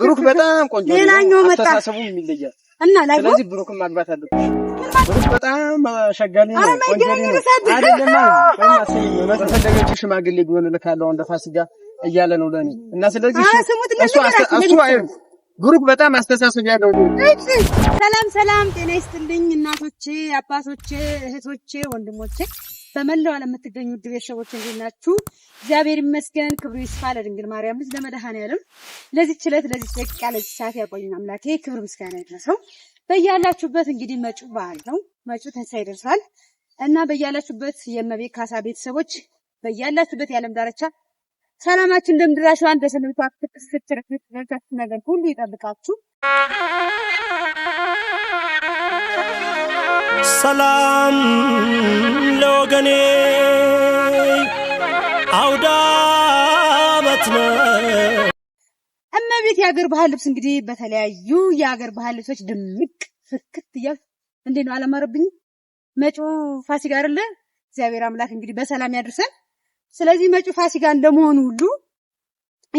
ብሩክ በጣም ቆንጆ ነው። ሌላኛው መጣ አስተሳሰቡም ይለያል እና ላይ ስለዚህ ብሩክን ማግባት አለብሽ። ብሩክ በጣም ሸጋሊ ነው፣ ቆንጆ ነው አይደለም ማለት ሽማግሌ ቢሆን እልካለሁ እንደ ፋሲካ እያለ ነው ለኔ እና ስለዚህ እሱ እሱ አይሩ ብሩክ በጣም አስተሳሰብ ያለው ሰላም ሰላም፣ ጤና ይስጥልኝ እናቶቼ፣ አባቶቼ፣ እህቶቼ፣ ወንድሞቼ በመላው ዓለም የምትገኙ ውድ ቤተሰቦች እንዴት ናችሁ? እግዚአብሔር ይመስገን፣ ክብሩ ይስፋ ለድንግል ማርያም ልጅ ለመድኃኔዓለም ለዚህ ችለት ለዚህ ደቂቃ ለዚህ ሰዓት ያቆየን አምላኬ ክብር ምስጋና ይድረሰው። በያላችሁበት እንግዲህ መጩ በዓል ነው፣ መጩ ትንሣኤ ይደርሳል እና በያላችሁበት የእመቤት ካሳ ቤተሰቦች በያላችሁበት የዓለም ዳርቻ ሰላማችን እንደምድራችሁ አንድ ተሰንብቷችሁ ስትርፍት ነገር ሁሉ ይጠብቃችሁ። ሰላም ለወገኔ አውዳመት ነው። እመቤት የሀገር ባህል ልብስ እንግዲህ በተለያዩ የሀገር ባህል ልብሶች ድምቅ ፍክት እያ እንዴ ነው አለማረብኝ መጪው ፋሲካ አይደለ? እግዚአብሔር አምላክ እንግዲህ በሰላም ያድርሰን። ስለዚህ መጪው ፋሲካ እንደመሆኑ ሁሉ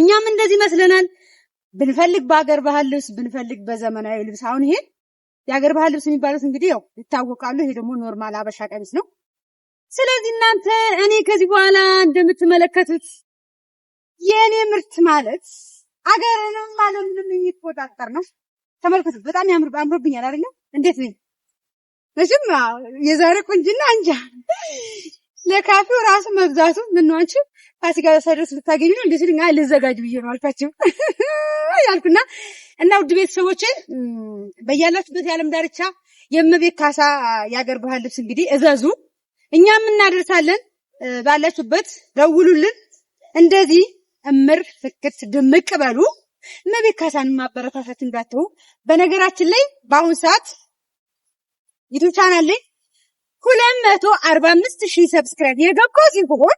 እኛም እንደዚህ ይመስለናል። ብንፈልግ በሀገር ባህል ልብስ፣ ብንፈልግ በዘመናዊ ልብስ አሁን ይሄን የሀገር ባህል ልብስ የሚባሉት እንግዲህ ያው ይታወቃሉ። ይሄ ደግሞ ኖርማል አበሻ ቀሚስ ነው። ስለዚህ እናንተ እኔ ከዚህ በኋላ እንደምትመለከቱት የእኔ ምርት ማለት አገርንም ዓለምንም የሚቆጣጠር ነው። ተመልከቱት። በጣም ያምር አምሮብኛል አይደለም? እንዴት ነኝ? መቼም የዛሬ ቁንጅና እንጃ ለካፌው ራሱ መብዛቱ ምን አንቺ ፋሲካ ሰርስ ልታገኙ ነው እንዴ? ስልኛ ልዘጋጅ ብዬ ነው አልኳቸው ያልኩና እና ውድ ቤተሰቦቼ በያላችሁበት የዓለም ዳርቻ የእመቤት ካሳ የአገር ባህል ልብስ እንግዲህ እዘዙ፣ እኛም እናደርሳለን። ባላችሁበት ደውሉልን። እንደዚህ እምር ፍክት ድምቅ በሉ። እመቤት ካሳን ማበረታታት እንዳትተው። በነገራችን ላይ በአሁን ሰዓት ዩቱብ ቻናል ላይ ሁለት መቶ አርባ አምስት ሺህ ሰብስክራይብ የገባው ሲሆን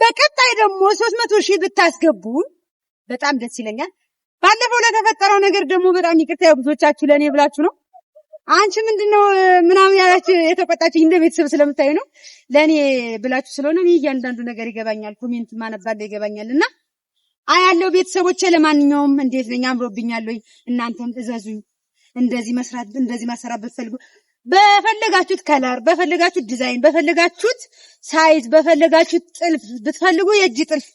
በቀጣይ ደግሞ ሶስት መቶ ሺህ ብታስገቡ በጣም ደስ ይለኛል። ባለፈው ለተፈጠረው ነገር ደግሞ በጣም ይቅርታ። ብዙዎቻችሁ ለእኔ ብላችሁ ነው አንቺ ምንድነው ምናምን ያላችሁ የተቆጣችሁ እንደ ቤተሰብ ስለምታዩ ነው። ለእኔ ብላችሁ ስለሆነ እኔ እያንዳንዱ ነገር ይገባኛል፣ ኮሜንት ማነባለ ይገባኛል። እና አያለው ቤተሰቦቼ። ለማንኛውም እንዴት ነኝ? አምሮብኛል ወይ? እናንተም እዘዙኝ። እንደዚህ መስራት እንደዚህ ማሰራት ብትፈልጉ በፈለጋችሁት ከለር፣ በፈለጋችሁት ዲዛይን፣ በፈለጋችሁት ሳይዝ፣ በፈለጋችሁት ጥልፍ ብትፈልጉ የእጅ ጥልፍ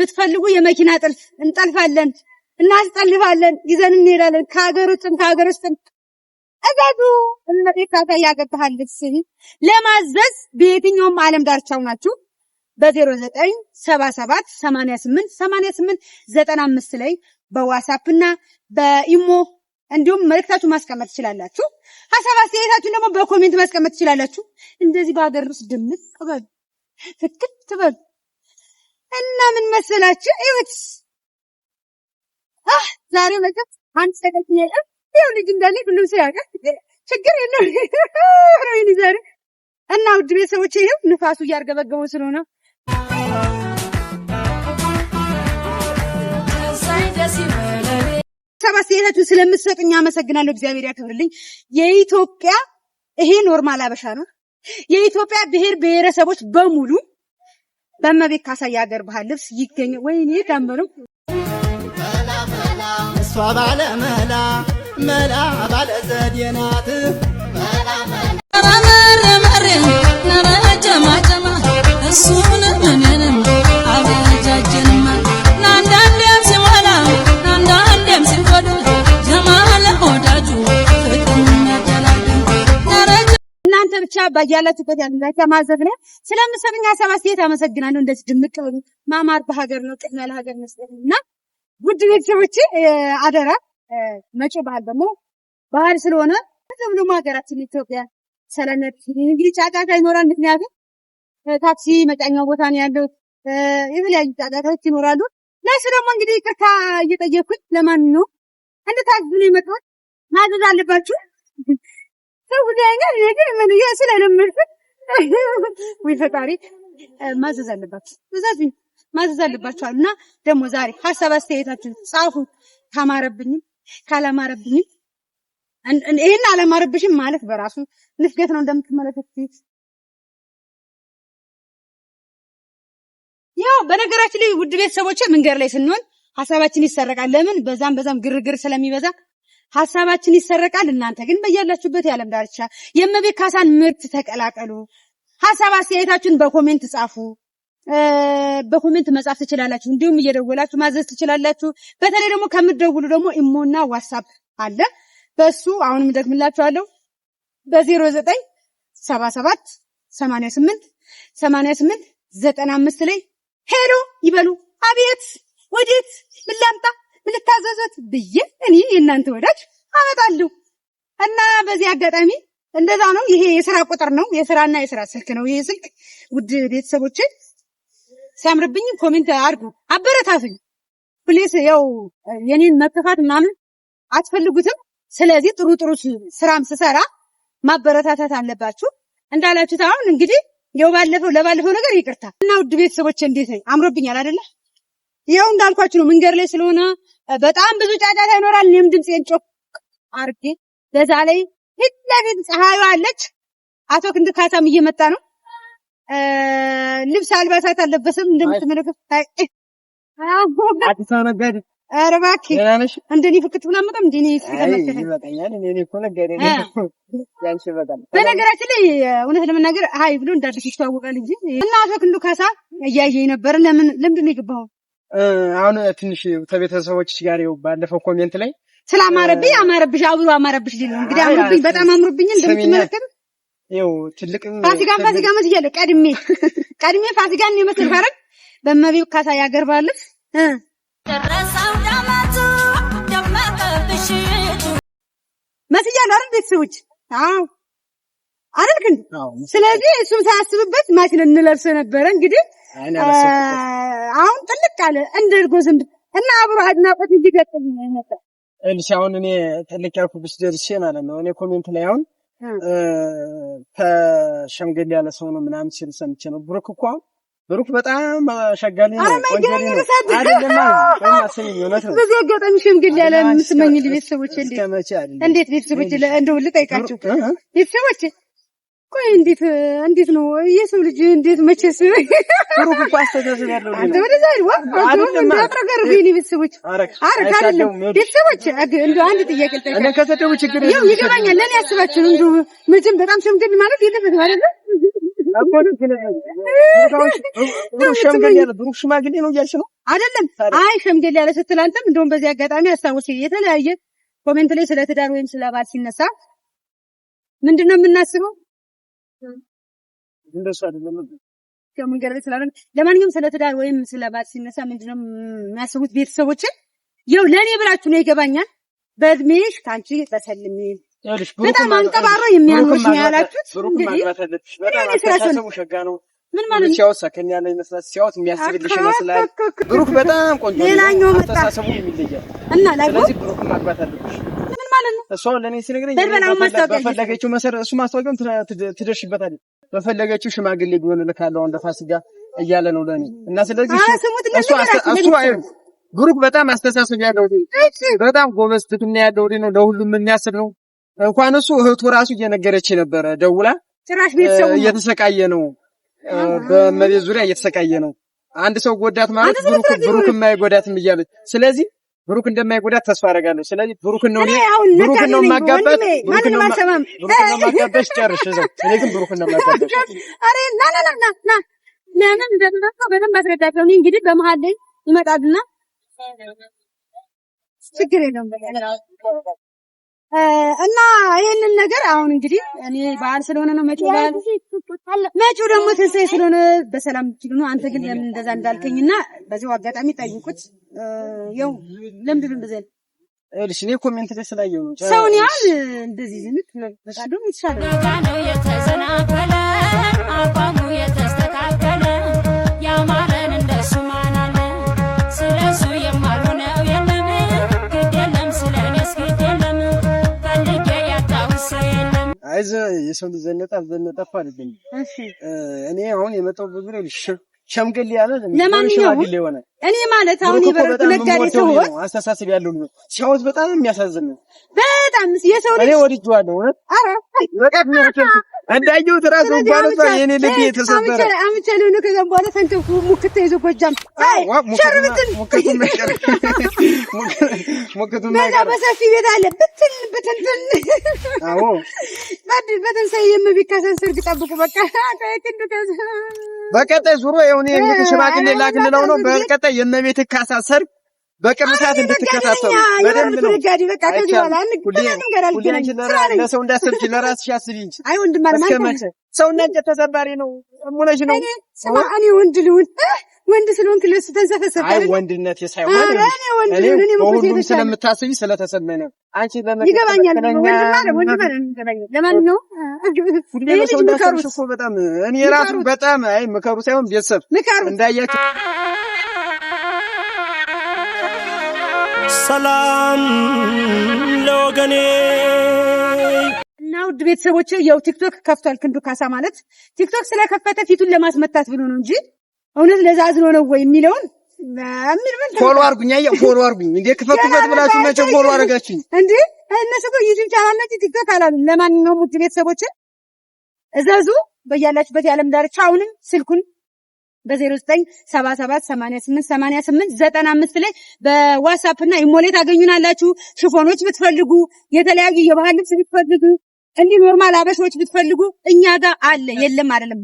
ብትፈልጉ የመኪና ጥልፍ እንጠልፋለን፣ እናስጠልፋለን፣ ይዘን እንሄዳለን። ከሀገር ውጭም ከሀገር ውስጥም እዛቱ እነዴ ካታ ያገብሃል ልብስ ለማዘዝ በየትኛውም ዓለም ዳርቻው ናችሁ በዜሮ ዘጠኝ ሰባ ሰባት ሰማንያ ስምንት ሰማንያ ስምንት ዘጠና አምስት ላይ በዋትስአፕ እና በኢሞ እንዲሁም መልእክታችሁ ማስቀመጥ ትችላላችሁ። ሀሳብ አስተያየታችሁን ደግሞ በኮሜንት ማስቀመጥ ትችላላችሁ። እንደዚህ በሀገር ውስጥ ድምፅ በሉ ፍክት ትበሉ እና ምን መሰላችሁ ይወት ዛሬ መቼም አንድ ሰቀት ነው ያው ልጅ እንዳለ ሁሉም ሰው ያውቃል። ችግር የለውም። ዛሬ እና ውድ ቤተሰቦቼ ይሄው ንፋሱ እያርገበገበው ስለሆነ ሰብ አስተያየታችሁን ስለምትሰጡኝ አመሰግናለሁ። እግዚአብሔር ያክብርልኝ። የኢትዮጵያ ይሄ ኖርማል አበሻ ነው። የኢትዮጵያ ብሔር ብሔረሰቦች በሙሉ በእመቤት ካሳ የአገር ባህል ልብስ ይገኝ። ወይኔ ዳመሩ እሷ ባለ መላ መላ ባለ ዘዴ ናት። እሱን ምንንም አበጃጀን ብቻ ባያላችሁበት ያንዳችሁ ማዘዝ ነው። ስለምሰብኛ ሰማስ ሴት አመሰግናለሁ። እንደዚህ ድምቅ ማማር በሀገር ነው ቅድሚያ ለሀገር መስጠት እና ውድ ቤተሰቦች አደራ መጪው ባህል ደግሞ ባህል ስለሆነ ተብሎ ሀገራችን ኢትዮጵያ ሰለነት እንግዲህ ጫጫታ ይኖራል። ምክንያቱም ታክሲ መጫኛው ቦታ ነው ያለው። የተለያዩ ጫጫታዎች ይኖራሉ። ለእሱ ደግሞ እንግዲህ ይቅርታ እየጠየኩኝ ለማን ነው እንድታዝዙ ነው የመጣሁት። ማዘዝ አለባችሁ። ተውት አይነት ነገር ምን ስለለመድኩት ወይ ፈጣሪ ማዘዝ አለባችሁ ትእዛዝ ማዘዝ አለባችኋል። እና ደግሞ ዛሬ ሀሳብ አስተያየታችሁን ጻፉ። ካማረብኝም ካላማረብኝም ይሄን አላማረብሽም ማለት በራሱ ንፍገት ነው እንደምትመለከቱት ያው በነገራችን ላይ ውድ ቤተሰቦች መንገድ ላይ ስንሆን ሀሳባችን ይሰረቃል። ለምን በዛም በዛም ግርግር ስለሚበዛ ሀሳባችን ይሰረቃል። እናንተ ግን በያላችሁበት የዓለም ዳርቻ የእመቤት ካሳን ምርት ተቀላቀሉ። ሀሳብ አስተያየታችሁን በኮሜንት ጻፉ። በኮሜንት መጻፍ ትችላላችሁ። እንዲሁም እየደወላችሁ ማዘዝ ትችላላችሁ። በተለይ ደግሞ ከምትደውሉ ደግሞ ኢሞና ዋትሳፕ አለ። በሱ አሁንም ደግምላችኋለሁ በዜሮ ዘጠኝ ሰባ ሰባት ሰማንያ ስምንት ስምንት ዘጠና አምስት ላይ ሄሎ ይበሉ። አቤት ወዴት ምን ላምጣ ልታዘዙት ብዬ እኔ የእናንተ ወዳጅ አመጣለሁ እና በዚህ አጋጣሚ እንደዛ ነው። ይሄ የስራ ቁጥር ነው፣ የስራና የስራ ስልክ ነው። ይሄ ስልክ ውድ ቤተሰቦች ሲያምርብኝ ኮሜንት አድርጉ፣ አበረታቱኝ። ፕሊስ ያው የኔን መከፋት ምናምን አትፈልጉትም። ስለዚህ ጥሩ ጥሩ ስራም ስሰራ ማበረታታት አለባችሁ። እንዳላችሁት አሁን እንግዲህ የው ባለፈው ለባለፈው ነገር ይቅርታ እና ውድ ቤተሰቦች እንዴት ነኝ? አምሮብኛል አይደለ? ይኸው እንዳልኳችሁ ነው። መንገድ ላይ ስለሆነ በጣም ብዙ ጫጫታ ይኖራል። እኔም ድምፄን ጮክ አርጌ በዛ ላይ ፊት ለፊት ፀሐዩ አለች። አቶ ክንድ ካሳም እየመጣ ነው። ልብስ አልባሳት አለበስም እንደምትመለከቱ አዲስ ነጋዴ አረባኪ እባክህ እንደኔ ፍክት ምናምን እንደኔ በነገራችን ላይ እውነት ለመናገር ሀይ ብሎ እንዳልክ ይስተዋወቃል እንጂ እና አቶ ክንዱ ካሳ እያየኝ ነበር። ለምን ለምንድን ነው የገባኸው? አሁን ትንሽ ከቤተሰቦች ጋር ው ባለፈው ኮሜንት ላይ ስለ አማረብኝ አማረብሽ አብሮ አማረብሽ ዲል እንግዲህ አምሮብኝ በጣም አምሮብኝ እንደምትመለከት ይው ትልቅ ፋሲካ ፋሲካ መስያለሁ። ቀድሜ ቀድሜ ፋሲካን የመስል ፈረግ ባረግ ካሳ ያገርባል ደረሳው ዳማቱ ደማቀብሽ መስያለሁ አይደል ቤተሰቦች? አዎ አይደል? ግን ስለዚህ እሱም ሳያስብበት ማችን እንለብሰ ነበረ እንግዲህ አሁን ጥልቅ አለ እንደ እርጎ ዝንብ እና አብሮ አድናቆት እንዲገጥም ነበር። እልሽ አሁን እኔ ጥልቅ ያልኩብሽ ደርሼ ማለት ነው። እኔ ኮሜንት ላይ አሁን ተሸምገል ያለ ሰው ነው ምናምን ሲል ሰምቼ ነው። ብሩክ እኮ ብሩክ በጣም አሻጋሪ ነው። በዚህ አጋጣሚ ሽምግል ያለ የምትመኝ ቤተሰቦች እንዴት ቤተሰቦች እንደው ልጠይቃችሁ ቤተሰቦች ቆይ እንዴት እንዴት ነው የሰው ልጅ እንዴት መቼስ ሩቅ እኮ አስተሳሰብ ያለው አንተ ወደዛ ይል ይልዋ አንተ እንዳትረገር ቢኒ ቤተሰቦች አረክ አይደለም ቤተሰቦች እንዴ አንድ ጥያቄ ልጠይቅ እኔ ከተደቡ ችግር ነው ይገባኛል ለኔ ያስባችሁ እንደው መቼም በጣም ሸምገል ማለት የለበትም አይደለ ብሩክ ሽማግሌ ነው እያልሽ ነው አይደለም አይ ሸምገል ያለ ስትል አንተም እንደውም በዚህ አጋጣሚ አስታውስ የተለያየ ኮሜንት ላይ ስለ ትዳር ወይም ስለ ባል ሲነሳ ምንድነው ነው የምናስበው እንደሱ አይደለም። ከመንገድ ላይ ስላለ ለማንኛውም ስለ ትዳር ወይም ስለ ባል ሲነሳ ምንድነው የሚያስቡት ቤተሰቦችን? ይኸው ለእኔ ብላችሁ ነው ይገባኛል። በእድሜሽ ከአንቺ በሰልሜ በጣም አንቀባሮ የሚያምሮች ነው ምን ማለት ነው? ሲያወት ሰከን ያለ ይመስላል፣ ሲያወት የሚያስብልሽ ይመስላል። ብሩክ በጣም ቆንጆ ሌላኛው መጣ እና ስለዚህ ብሩክ ማግባት አለብሽ እሷ ለእኔ ሲነግረኝ በፈለገችው መሰረት እሱ ማስታወቂያውን ትደርሽበታለች። በፈለገችው ሽማግሌ ቢሆን እልካለሁ አሁን ለፋሲካ እያለ ነው ለእኔ እና ስለዚህ ብሩክ በጣም አስተሳሰብ ያለው በጣም ጎበዝ ትትና ያለው ነው። ለሁሉም የሚያስብ ነው። እንኳን እሱ እህቱ ራሱ እየነገረች ነበረ ደውላ እየተሰቃየ ነው፣ በመቤት ዙሪያ እየተሰቃየ ነው። አንድ ሰው ጎዳት ማለት ብሩክ ብሩክ የማይጎዳትም እያለች ስለዚህ ብሩክ እንደማይጎዳት ተስፋ አደርጋለሁ። ስለዚህ ብሩክን ነው ብሩክን ነው የማጋባት። አልሰማም። ጨርሽ እኔ ግን ብሩክን ነው የማጋባት። ና ና ና ና ለምን በደንብ አስረዳቸው። እኔ እንግዲህ በመሀል ላይ ይመጣልና ችግር የለውም። እና ይህንን ነገር አሁን እንግዲህ እኔ በዓል ስለሆነ ነው መጪው በዓል መጪው ደግሞ ትንሣኤ ስለሆነ በሰላም ትችሉ ነው። አንተ ግን ለምን እንደዛ እንዳልከኝ እና በዚው አጋጣሚ ጠይቁት። ያው ለምን ብን ብዘን እልሽ እኔ ኮሜንት ላይ ስላየው ነው ሰውን ያህል እንደዚህ ዝንት በቃ ደግሞ ይሻላል። አይዘ የሰው ልጅ ዘነጠ አልዘነጠ አይደለም። እኔ አሁን የመጣሁበት ጉዳይ ሸምገል ያለ ለማንኛውም እኔ ማለት አሁን የበረቱ ነጋዴ ሰዎች አስተሳሰብ ያለው ነው ሲያወት በጣም የሚያሳዝን ነው። በጣም የሰው ልጅ እኔ ወድጄዋለሁ። ኧረ በቃ እንዳየሁት እራሱ እንኳን እንኳን የኔ ልብ የተሰበረ አምቻለሁ ነው። ነው። ከዛም በኋላ ሰንተፉ ሙክት ይዞ ጎጃም ሸርብትን ሙክቱን በዛ በሰፊ ቤት አለ ብትን ብትንትን አዎ በትን ሳይ የምቢካሰን ስርግ ጠብቁ በቃ ታይክንዱ ከዛ በቀጣይ ዙሮ ይኸው ነው። እኔ እንግዲህ ሽማግሌ ላክልለው ነው። በቀጣይ የእመቤት ካሳ ሰርግ እንድትከታተሉ ነው። ለሰው እንዳሰብች ለራስሽ አስቢ እንጂ አይ ሰውነት ተሰባሪ ነው። ነው እኔ ወንድ ልሁን ወንድ ስለሆንክ ለሱ ተንሰፈሰፈ። አይ ወንድነት ሳይሆን እኔ በሁሉም ስለምታስቢ ስለተሰማኝ ነው። አንቺ ይገባኛል። ለማንኛውም በጣም እኔ ራሱ በጣም አይ ምከሩ ሳይሆን ቤተሰብ እንዳያችሁ ሰላም ለወገኔ እና ውድ ቤተሰቦች ያው ቲክቶክ ከፍቷል። ክንዱ ካሳ ማለት ቲክቶክ ስለከፈተ ፊቱን ለማስመታት ብሎ ነው እንጂ እውነት ለዛ አዝኖ ነው ወይ የሚለውን ፎሎ አድርጉኝ። አያ ፎሎ አርጉኝ እንዴ! ክፈትበት ብላችሁ መቼ ፎሎ አደረጋችሁኝ እንዴ? እነሱ እኮ ዩቲዩብ ቻናል ነው ቲክቶክ አላሉ። ለማንኛውም ውድ ቤተሰቦችን እዘዙ በያላችሁበት የዓለም ዳርቻ። አሁንም ስልኩን በ0977888895 ላይ በዋትስአፕ እና ኢሞ ላይ ታገኙናላችሁ። ሽፎኖች ብትፈልጉ የተለያዩ የባህል ልብስ ብትፈልጉ እንዲህ ኖርማል አበሾች ብትፈልጉ እኛ ጋር አለ። የለም አይደለም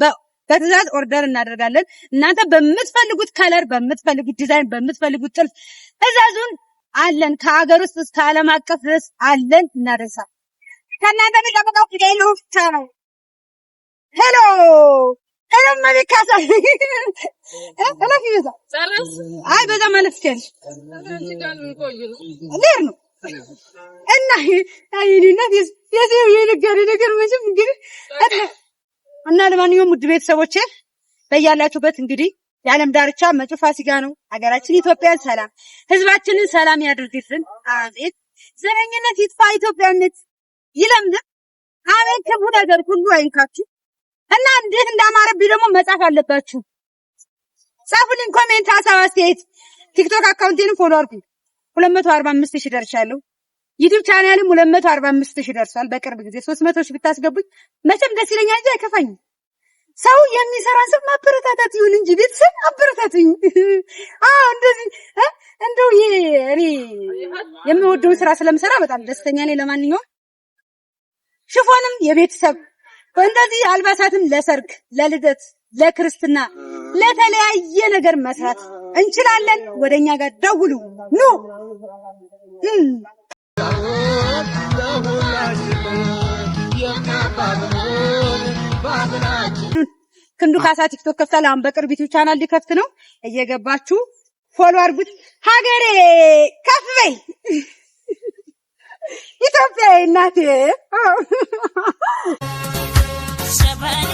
በትዕዛዝ ኦርደር እናደርጋለን። እናንተ በምትፈልጉት ከለር፣ በምትፈልጉት ዲዛይን፣ በምትፈልጉት ጥልፍ ትእዛዙን አለን። ከሀገር ውስጥ እስከ ዓለም አቀፍ ድረስ አለን እናደርሳለን። ከእናንተ የሚጠበቀው ፊደሉ ብቻ ነው። ሄሎ ሄሎ መቢካሳ እለፍ ይበዛል። አይ በዛ ማለት ትችያለሽ። ነው እና ይህንነት የዚህ የነገር ነገር መቼም እንግዲህ እና ለማንኛውም ውድ ቤተሰቦቼ በያላችሁበት እንግዲህ የዓለም ዳርቻ መጪ ፋሲካ ነው። ሀገራችን ኢትዮጵያን ሰላም፣ ህዝባችንን ሰላም ያድርግልን። አቤት ዘረኝነት ይጥፋ፣ ኢትዮጵያነት ይለምልም። አቤት ክፉ ነገር ሁሉ አይንካችሁ እና እንዴት እንዳማረብኝ ደግሞ መጻፍ አለባችሁ። ጻፉልኝ፣ ኮሜንት፣ ሀሳብ፣ አስተያየት። ቲክቶክ አካውንቴን ፎሎ አድርጉ። 245 ሺህ ደርሻለሁ። ዩቲብ ቻናልም ሁለት መቶ አርባ አምስት ሺህ ደርሷል። በቅርብ ጊዜ ሶስት መቶ ሺህ ብታስገቡኝ መቼም ደስ ይለኛል እንጂ አይከፋኝም። ሰው የሚሰራ ሰው ማበረታታት ይሁን እንጂ ቤተሰብ አበረታቱኝ። አዎ እንደዚህ እንደው ይሄ እኔ የምወደውን ስራ ስለምሰራ በጣም ደስተኛ ነኝ። ለማንኛውም ሽፎንም የቤተሰብ እንደዚህ አልባሳትም ለሰርግ፣ ለልደት፣ ለክርስትና፣ ለተለያየ ነገር መስራት እንችላለን። ወደኛ ጋር ደውሉ ኑ የምናውን ለሁላችንም የምናባብንን ባህላችን ክንዱ ካሳ ቲክቶክ ከፍታል። አሁን በቅርብ ዩቲዩብ ቻናል ሊከፍት ነው። እየገባችሁ ፎሎ አድርጉት። ሀገሬ ከፍ በይ ኢትዮጵያ እናቴ ሸባል